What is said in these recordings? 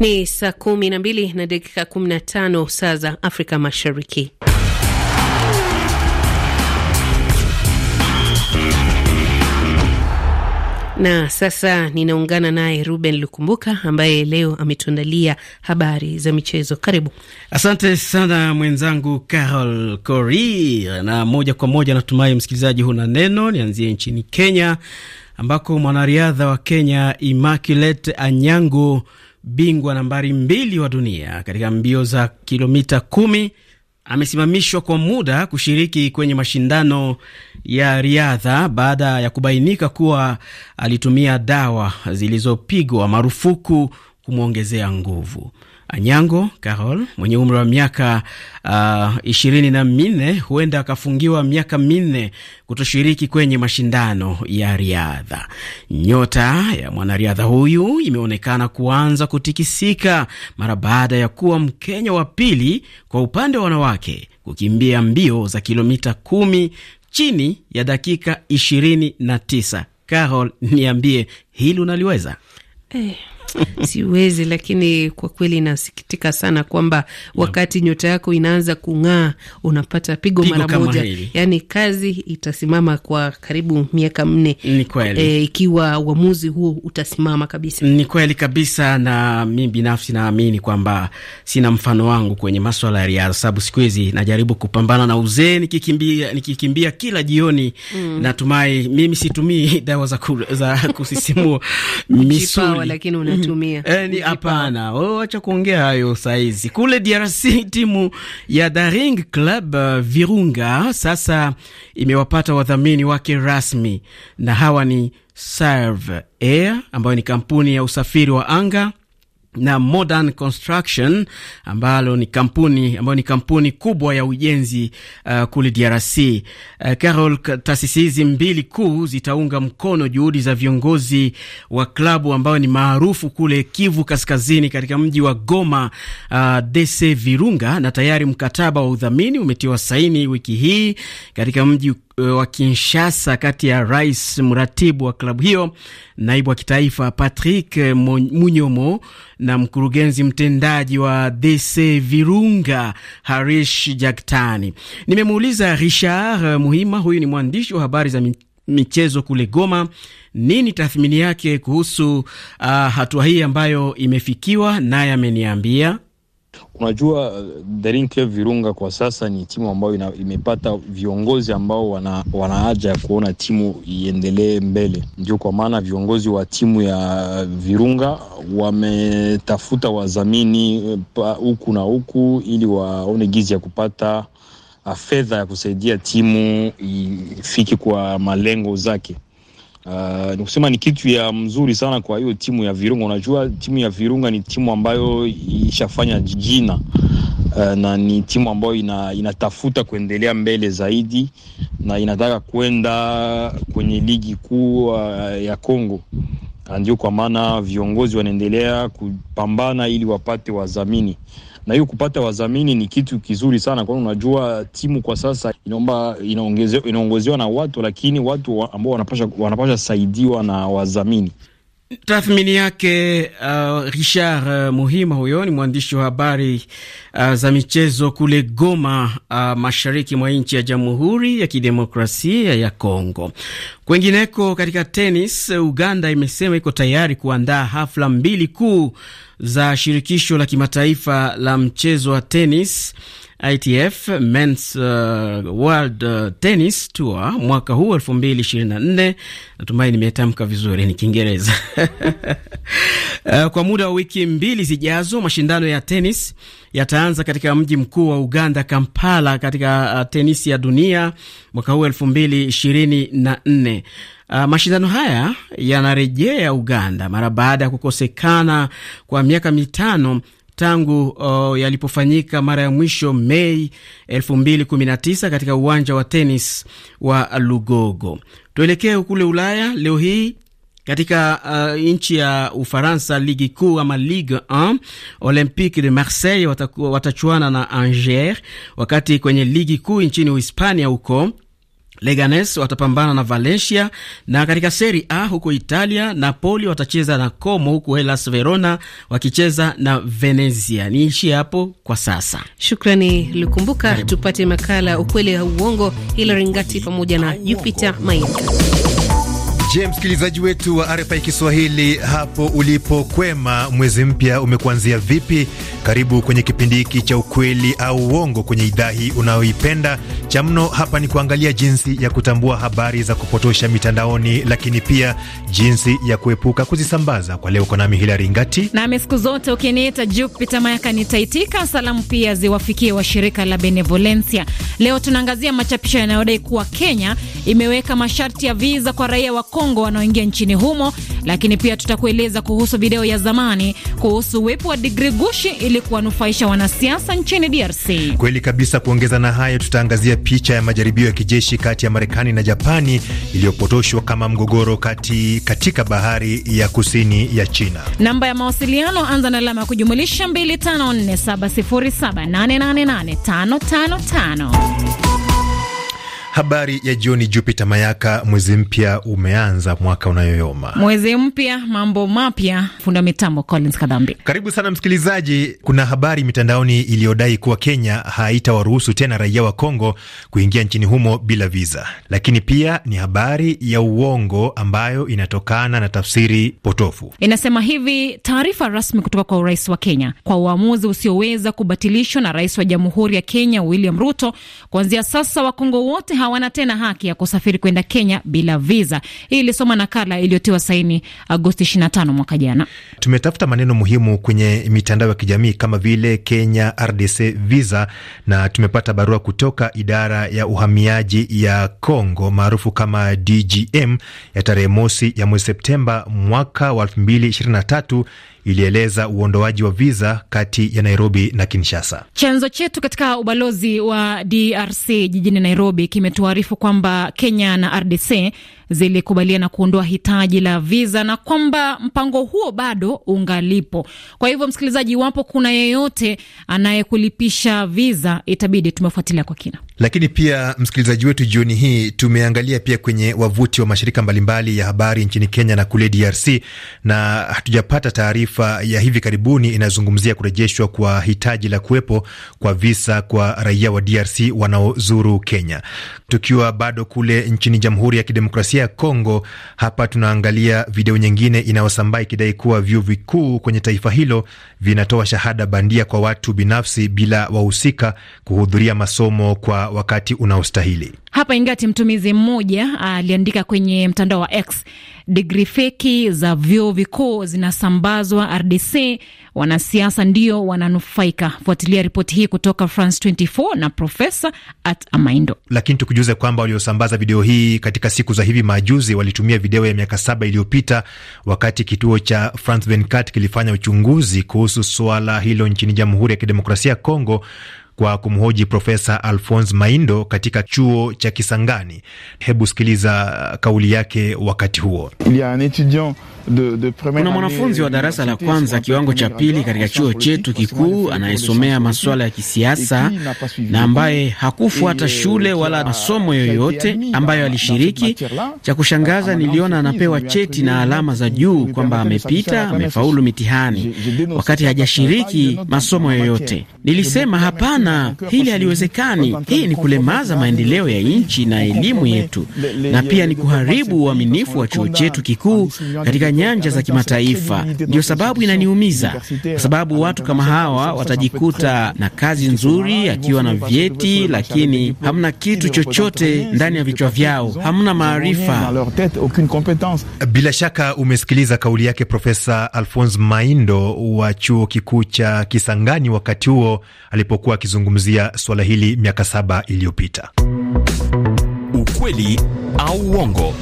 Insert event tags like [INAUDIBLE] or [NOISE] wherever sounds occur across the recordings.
Ni saa kumi na mbili na dakika kumi na tano saa za Afrika Mashariki. Na sasa ninaungana naye Ruben Lukumbuka ambaye leo ametuandalia habari za michezo. Karibu. Asante sana mwenzangu Carol Cori, na moja kwa moja natumai msikilizaji huna neno. Nianzie nchini Kenya ambako mwanariadha wa Kenya Immaculate Anyango bingwa nambari mbili wa dunia katika mbio za kilomita kumi amesimamishwa kwa muda kushiriki kwenye mashindano ya riadha baada ya kubainika kuwa alitumia dawa zilizopigwa marufuku kumwongezea nguvu. Anyango Carol mwenye umri wa miaka uh, ishirini na minne huenda akafungiwa miaka minne kutoshiriki kwenye mashindano ya riadha. Nyota ya mwanariadha huyu imeonekana kuanza kutikisika mara baada ya kuwa Mkenya wa pili kwa upande wa wanawake kukimbia mbio za kilomita kumi chini ya dakika ishirini na tisa. Carol, niambie hili unaliweza eh? [LAUGHS] siwezi. Lakini kwa kweli nasikitika sana kwamba wakati nyota yako inaanza kung'aa unapata pigo, pigo mara moja, yaani kazi itasimama kwa karibu miaka nne. e, eh, ikiwa uamuzi huo utasimama kabisa. Ni kweli kabisa, na mi binafsi naamini kwamba sina mfano wangu kwenye maswala ya riadha, sababu siku hizi najaribu kupambana na uzee nikikimbia, nikikimbia kila jioni mm. Natumai mimi situmii [LAUGHS] dawa za, za kusisimua misuli kuitumia. Yaani, hapana, wacha kuongea hayo saizi. Kule DRC timu ya Daring Club uh, Virunga sasa imewapata wadhamini wake rasmi, na hawa ni Serve Air ambayo ni kampuni ya usafiri wa anga na Modern Construction ambalo ni kampuni ambayo ni kampuni kubwa ya ujenzi uh, kule DRC. Uh, Carol, taasisi hizi mbili kuu zitaunga mkono juhudi za viongozi wa klabu ambayo ni maarufu kule Kivu Kaskazini katika mji wa Goma, uh, DC Virunga, na tayari mkataba wa udhamini umetiwa saini wiki hii katika mji Eh, wa Kinshasa kati ya rais mratibu wa klabu hiyo, naibu wa kitaifa Patrick eh, Munyomo na mkurugenzi mtendaji wa DC Virunga Harish jaktani Nimemuuliza Richard eh, Muhima, huyu ni mwandishi wa habari za michezo kule Goma, nini tathmini yake kuhusu uh, hatua hii ambayo imefikiwa, naye ameniambia Unajua, Daring uh, Club Virunga kwa sasa ni timu ambayo ina, imepata viongozi ambao wana, wana haja ya kuona timu iendelee mbele. Ndio kwa maana viongozi wa timu ya Virunga wametafuta wadhamini eh, huku na huku, ili waone gizi ya kupata eh, fedha ya kusaidia timu ifike kwa malengo zake. Uh, ni kusema ni kitu ya mzuri sana kwa hiyo timu ya Virunga. Unajua timu ya Virunga ni timu ambayo ishafanya jina uh, na ni timu ambayo ina, inatafuta kuendelea mbele zaidi na inataka kwenda kwenye ligi kuu uh, ya Kongo. Ah, ndio kwa maana viongozi wanaendelea kupambana ili wapate wadhamini na hiyo kupata wadhamini ni kitu kizuri sana, kwani unajua timu kwa sasa inaomba inaongezewa inaongozewa na watu, lakini watu ambao wanapasha wanapasha saidiwa na wadhamini. Tathmini yake uh, Richard uh, Muhima, huyo ni mwandishi wa habari uh, za michezo kule Goma, uh, mashariki mwa nchi ya Jamhuri ya Kidemokrasia ya Kongo. Kwengineko, katika tenis, Uganda imesema iko tayari kuandaa hafla mbili kuu za shirikisho la kimataifa la mchezo wa tenis ITF Men's uh, World uh, Tennis Tour mwaka huu 2024. Natumai nimetamka vizuri, ni Kiingereza [LAUGHS] uh, kwa muda wa wiki mbili zijazo mashindano ya tenis yataanza katika mji mkuu wa Uganda, Kampala, katika uh, tenisi ya dunia mwaka huu 2024. Uh, mashindano haya yanarejea Uganda mara baada ya kukosekana kwa miaka mitano tangu uh, yalipofanyika mara ya mwisho Mei 2019 katika uwanja wa tenis wa Lugogo. Tuelekee kule Ulaya leo hii katika uh, nchi ya Ufaransa, ligi kuu ama Ligue 1, Olympique de Marseille watachuana na Angers, wakati kwenye ligi kuu nchini Uhispania huko Leganes watapambana na Valencia na katika Seri A huko Italia, Napoli watacheza na Como huku Hellas Verona wakicheza na Venezia. Niishie hapo kwa sasa, shukrani Lukumbuka. Karibu tupate makala ukweli wa uongo, Hilary Ngati pamoja na Jupiter Mainga. Je, msikilizaji wetu wa RFI Kiswahili, hapo ulipo kwema, mwezi mpya umekuanzia vipi? Karibu kwenye kipindi hiki cha ukweli au uongo kwenye idhaa hii unayoipenda. Cha mno hapa ni kuangalia jinsi ya kutambua habari za kupotosha mitandaoni, lakini pia jinsi ya kuepuka kuzisambaza. Kwa leo nami Hilari Ngati nami siku zote ukiniita Jupita Mayaka nitaitika. Salamu pia ziwafikie washirika la Benevolencia. Leo tunaangazia machapisho yanayodai kuwa Kenya imeweka masharti ya viza kwa raia wa Kongo wanaoingia nchini humo, lakini pia tutakueleza kuhusu video ya zamani kuhusu uwepo wa digri gushi ili kuwanufaisha wanasiasa nchini DRC. Kweli kabisa. Kuongeza na hayo, tutaangazia picha ya majaribio ya kijeshi kati ya Marekani na Japani iliyopotoshwa kama mgogoro kati katika bahari ya kusini ya China. Namba ya mawasiliano anza na alama ya kujumulisha 254707888555 Habari ya jioni, Jupiter Mayaka. Mwezi mpya umeanza, mwaka unayoyoma, mwezi mpya, mambo mapya. Funda mitambo Collins Kadhambi, karibu sana msikilizaji. Kuna habari mitandaoni iliyodai kuwa Kenya haitawaruhusu tena raia wa Kongo kuingia nchini humo bila viza lakini pia ni habari ya uongo ambayo inatokana na tafsiri potofu. Inasema hivi taarifa rasmi kutoka kwa urais wa Kenya, kwa uamuzi usioweza kubatilishwa na rais wa Jamhuri ya Kenya William Ruto, kuanzia sasa Wakongo wote hawana tena haki ya kusafiri kwenda Kenya bila visa. Hii ilisoma nakala iliyotiwa saini Agosti 25 mwaka jana. Tumetafuta maneno muhimu kwenye mitandao ya kijamii kama vile Kenya RDC visa, na tumepata barua kutoka idara ya uhamiaji ya Congo maarufu kama DGM ya tarehe mosi ya mwezi Septemba mwaka wa 2023 ilieleza uondoaji wa viza kati ya Nairobi na Kinshasa. Chanzo chetu katika ubalozi wa DRC jijini Nairobi kimetuarifu kwamba Kenya na RDC zilikubaliana kuondoa hitaji la viza na kwamba mpango huo bado ungalipo. Kwa hivyo, msikilizaji, iwapo kuna yeyote anayekulipisha viza, itabidi tumefuatilia kwa kina. Lakini pia msikilizaji wetu, jioni hii tumeangalia pia kwenye wavuti wa mashirika mbalimbali ya habari nchini Kenya na kule DRC, na hatujapata taarifa ya hivi karibuni inayozungumzia kurejeshwa kwa hitaji la kuwepo kwa visa kwa raia wa DRC wanaozuru Kenya. Tukiwa bado kule nchini Jamhuri ya Kidemokrasia Kidemokrasia ya Kongo. Hapa tunaangalia video nyingine inayosambaa ikidai kuwa vyuo vikuu kwenye taifa hilo vinatoa shahada bandia kwa watu binafsi bila wahusika kuhudhuria masomo kwa wakati unaostahili. Hapa ingati mtumizi mmoja aliandika kwenye mtandao wa X digrii feki za vyuo vikuu zinasambazwa RDC, wanasiasa ndio wananufaika. Fuatilia ripoti hii kutoka France 24 na Profesa at Amaindo. Lakini tukujuze kwamba waliosambaza video hii katika siku za hivi majuzi walitumia video ya miaka saba iliyopita wakati kituo cha France 24 kilifanya uchunguzi kuhusu suala hilo nchini Jamhuri ya Kidemokrasia ya Kongo kwa kumhoji Profesa alfons Maindo katika chuo cha Kisangani. Hebu sikiliza uh, kauli yake wakati huo. Kuna mwanafunzi wa darasa la kwanza kiwango cha pili katika chuo chetu kikuu anayesomea masuala ya kisiasa na ambaye hakufuata euh, shule wala masomo yoyote ambayo alishiriki. Cha kushangaza, niliona anapewa cheti na alama za juu kwamba amepita, amefaulu mitihani wakati hajashiriki masomo yoyote. Nilisema hapana. Hapana, hili haliwezekani. Hii ni kulemaza maendeleo ya nchi na elimu yetu, na pia ni kuharibu uaminifu wa, chuo chetu kikuu katika nyanja za kimataifa. Ndio sababu inaniumiza, kwa sababu watu kama hawa watajikuta na kazi nzuri, akiwa na vyeti, lakini hamna kitu chochote ndani ya vichwa vyao, hamna maarifa. Bila shaka umesikiliza kauli yake Profesa Alphonse Maindo wa chuo kikuu cha Kisangani wakati huo alipokuwa alizungumzia suala hili miaka saba iliyopita. Ukweli au uongo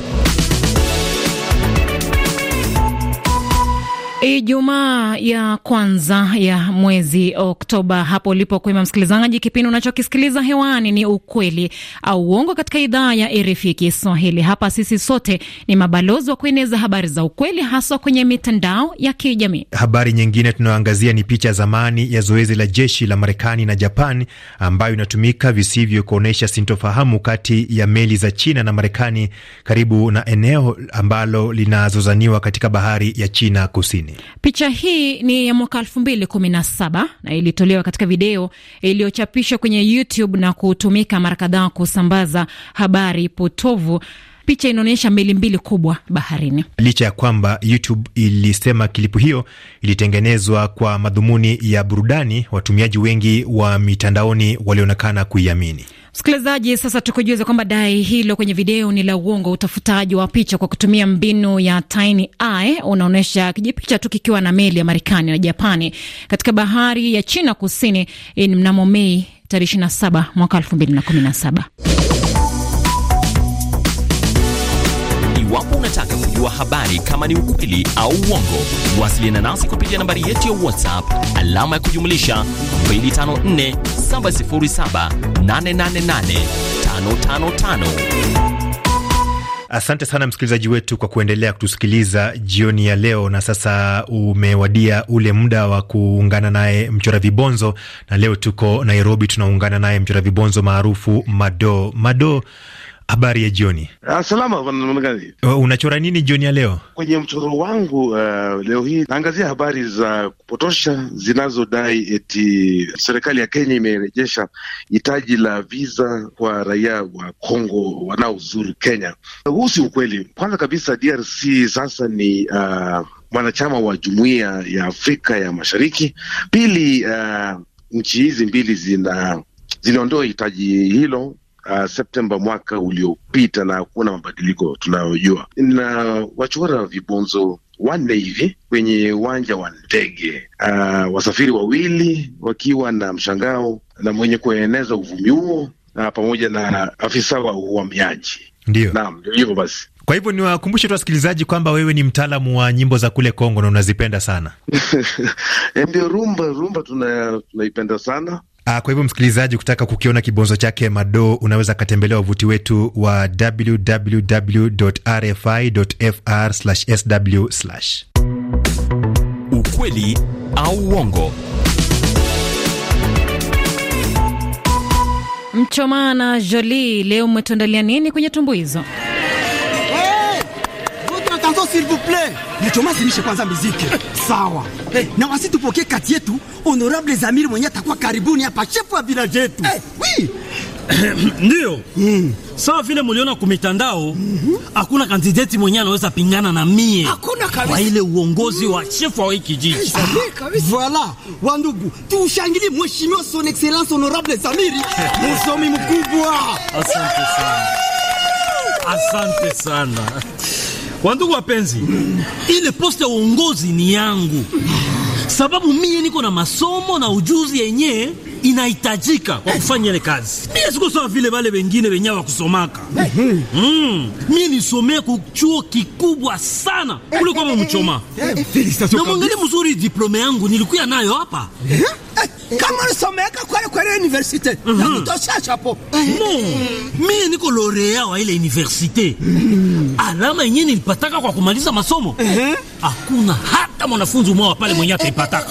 Ijumaa ya kwanza ya mwezi Oktoba hapo ulipokwima, msikilizaji, kipindi unachokisikiliza hewani ni ukweli au uongo katika idhaa ya RFI Kiswahili. Hapa sisi sote ni mabalozi wa kueneza habari za ukweli, haswa kwenye mitandao ya kijamii. Habari nyingine tunayoangazia ni picha ya zamani ya zoezi la jeshi la Marekani na Japan ambayo inatumika visivyo kuonyesha sintofahamu kati ya meli za China na Marekani karibu na eneo ambalo linazozaniwa katika bahari ya China Kusini nini? Picha hii ni ya mwaka elfu mbili kumi na saba na ilitolewa katika video iliyochapishwa kwenye YouTube na kutumika mara kadhaa kusambaza habari potovu. Picha inaonyesha meli mbili kubwa baharini. Licha ya kwamba YouTube ilisema klipu hiyo ilitengenezwa kwa madhumuni ya burudani, watumiaji wengi wa mitandaoni walionekana kuiamini. Msikilizaji, sasa tukujuza kwamba dai hilo kwenye video ni la uongo. Utafutaji wa picha kwa kutumia mbinu ya Tiny Eye unaonyesha kijipicha tu kikiwa na meli ya Marekani na Japani katika bahari ya China Kusini mnamo Mei tarehe 27 mwaka 2017. Iwapo unataka kujua habari kama ni ukweli au uongo, wasiliana nasi kupitia nambari yetu ya WhatsApp alama ya kujumlisha 254 Asante sana msikilizaji wetu kwa kuendelea kutusikiliza jioni ya leo. Na sasa umewadia ule muda wa kuungana naye mchora vibonzo, na leo tuko Nairobi, tunaungana naye mchora vibonzo maarufu Mado Mado. Habari ya jioni. Ah, salama oh, unachora nini jioni ya leo? Kwenye mchoro wangu uh, leo hii naangazia habari za kupotosha zinazodai eti serikali ya Kenya imerejesha hitaji la viza kwa raia wa Kongo wanaozuru Kenya. Huu si ukweli. Kwanza kabisa, DRC sasa ni uh, mwanachama wa jumuiya ya Afrika ya Mashariki. Pili, uh, nchi hizi mbili zina ziliondoa hitaji hilo uh, Septemba mwaka uliopita na hakuna mabadiliko tunayojua, na wachora vibonzo wanne hivi kwenye uwanja wa ndege uh, wasafiri wawili wakiwa na mshangao na mwenye kueneza uvumi huo uh, na pamoja na afisa wa uhamiaji. Ndio, naam, ndio hivyo basi. Kwa hivyo niwakumbushe tu wasikilizaji kwamba wewe ni mtaalamu wa nyimbo za kule Kongo na unazipenda sana. [LAUGHS] Eh, ndio, rumba rumba tunaipenda tuna sana Ah, kwa hivyo msikilizaji, kutaka kukiona kibonzo chake Mado, unaweza katembelea wavuti wetu wa www.rfi.fr/sw. Ukweli au uongo. Mchoma na Jolie, leo umetuandalia nini kwenye tumbuizo? Hey, eh, nichomazimishe kwanza miziki [LAUGHS] sawa. Hey, eh. na wasi tupokee kati yetu Honorable Zamiri mwenye atakuwa karibuni hapa, chefu wa village yetu. Hey, ndiyo mm. Sawa vile muliona kumitandao mhm. hakuna mm -hmm. kandidati mwenye anaweza pingana na mie kwa ile uongozi mm. wa chefu wa hiki kijiji. Eh, ah. Voilà, wandugu, tuushangilie mheshimiwa son excellence Honorable Zamiri [LAUGHS] msomi mkubwa. Asante sana, asante sana. Wandugu wapenzi, ile posti ya uongozi ni yangu, sababu mie niko na masomo na ujuzi yenye inahitajika kwa kufanya ile kazi. Mie siko sawa vile wale wengine wenye wakusomaka. Mm. Mie nisomea chuo kikubwa sana kule kwa mchoma na mwangalie mzuri, diplome yangu nilikuya nayo hapa kama someka kweli kweli universite mm -hmm. nakutoshea chapo eh. no mie niko lorea wa ile universite mm. alama yenyewe nilipataka kwa kumaliza masomo eh. hakuna hata mwanafunzi umoja wa pale eh, mwenye ataipataka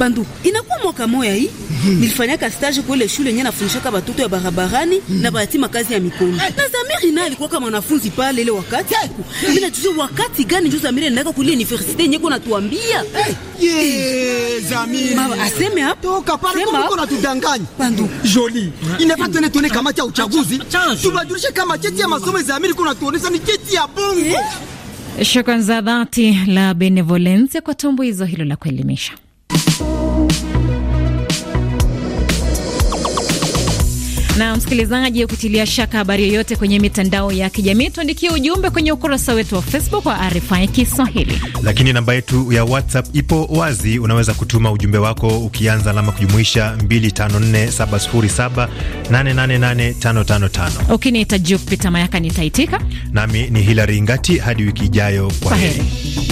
bandu inakuwa mwaka moya hii mm -hmm. Nilifanyaka stage kule ile shule yenyewe nafundishaka batoto ya barabarani mm na bayatima makazi ya mikono hey. Na Zamiri naye alikuwa kama mwanafunzi pale ile wakati hey. Mimi najua wakati gani ndio Zamiri anaenda kule university yenyewe kuna tuambia hey. yeah. hey. Zamiri mama aseme hapo toka pale kwa uko natudanganya bandu joli inafaa tena tuone kama cha uchaguzi tubadilishe kama cheti ya masomo Zamiri kuna tuonesha ni cheti ya bongo hey. Eh? Shukrani za dhati la Benevolence kwa tumbo hizo hilo la kuelimisha. Na msikilizaji, kutilia shaka habari yoyote kwenye mitandao ya kijamii, tuandikie ujumbe kwenye ukurasa wetu wa Facebook wa RFI Kiswahili. Lakini namba yetu ya WhatsApp ipo wazi, unaweza kutuma ujumbe wako ukianza alama kujumuisha 254707888555. Ukiniita Jupita Mayaka nitaitika, nami ni Hilary Ngati. Hadi wiki ijayo, kwa heri.